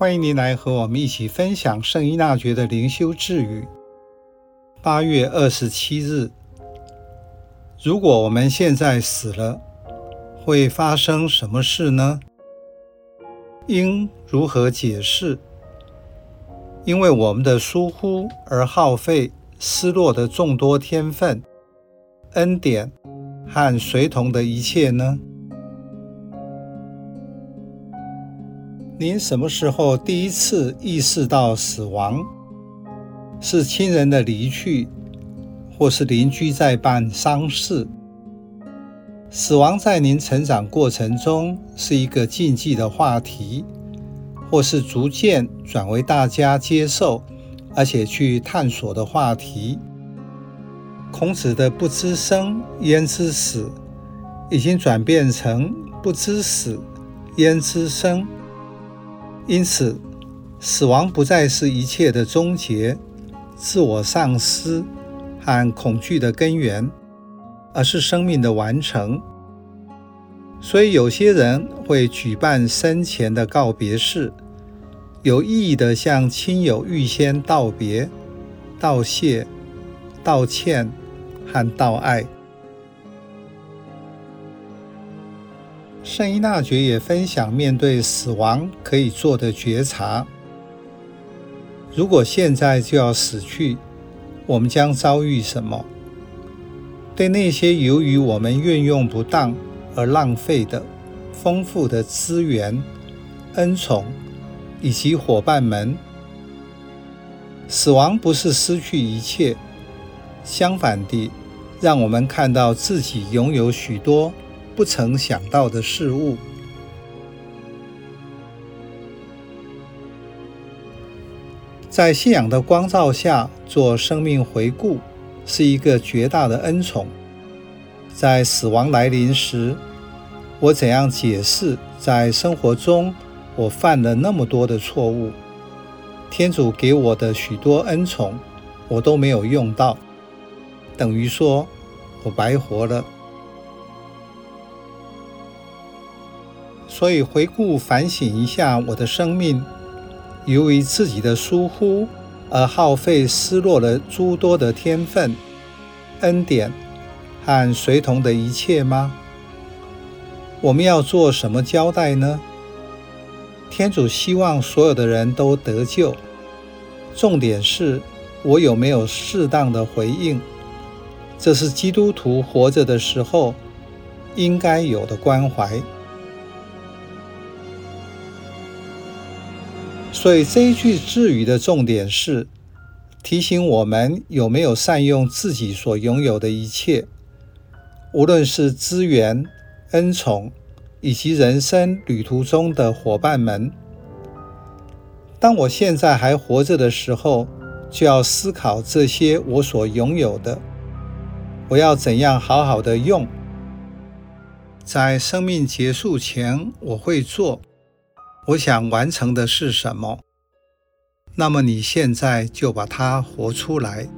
歡迎您來和我們一起分享聖依納爵的靈修智語。八月二十七日，如果我們現在死了，會發生什麼事呢？應如何解釋，因為我們的疏忽而耗費、失落的眾多天分、恩典和隨同的一切呢？您什麼時候第一次意識到死亡？是親人的離去，或是鄰居在辦喪事？死亡在您成長過程中是一個禁忌的話題，或是逐漸轉為大家接受，而且去探索的話題。孔子的“不知生，焉知死”，已經轉變成“不知死，焉知生”。因此，死亡不再是一切的終結、自我喪失和恐懼的根源，而是生命的完成。所以有些人會舉辦生前的告別式，有意義的向親友預先道別、道謝、道歉和道愛。聖依納爵也分享面對死亡可以做的覺察：如果現在就要死去，我們將遭遇什麼？對那些由於我們運用不當而浪費的豐富的資源、恩寵以及伙伴們，死亡不是失去一切，相反地，讓我們看到自己擁有許多，不曾想到的事物，在信仰的光照下做生命回顧，是一個絕大的恩寵。在死亡來臨時，我怎樣解釋？在生活中，我犯了那麼多的錯誤，天主給我的許多恩寵，我都沒有用到，等於說我白活了。所以回顧反省一下我的生命，由於自己的疏忽而耗費失落了諸多的天分、恩典和隨同的一切嗎？我們要做什麼交代呢？天主希望所有的人都得救，重點是我有沒有適當的回應？這是基督徒活着的時候應該有的關懷。所以這一句智語的重點是，提醒我們有沒有善用自己所擁有的一切，無論是資源、恩寵，以及人生旅途中的伙伴們。當我現在還活着的時候，就要思考這些我所擁有的，我要怎樣好好的用。在生命結束前，我會做。我想完成的是什麼？那麼你現在就把它活出來。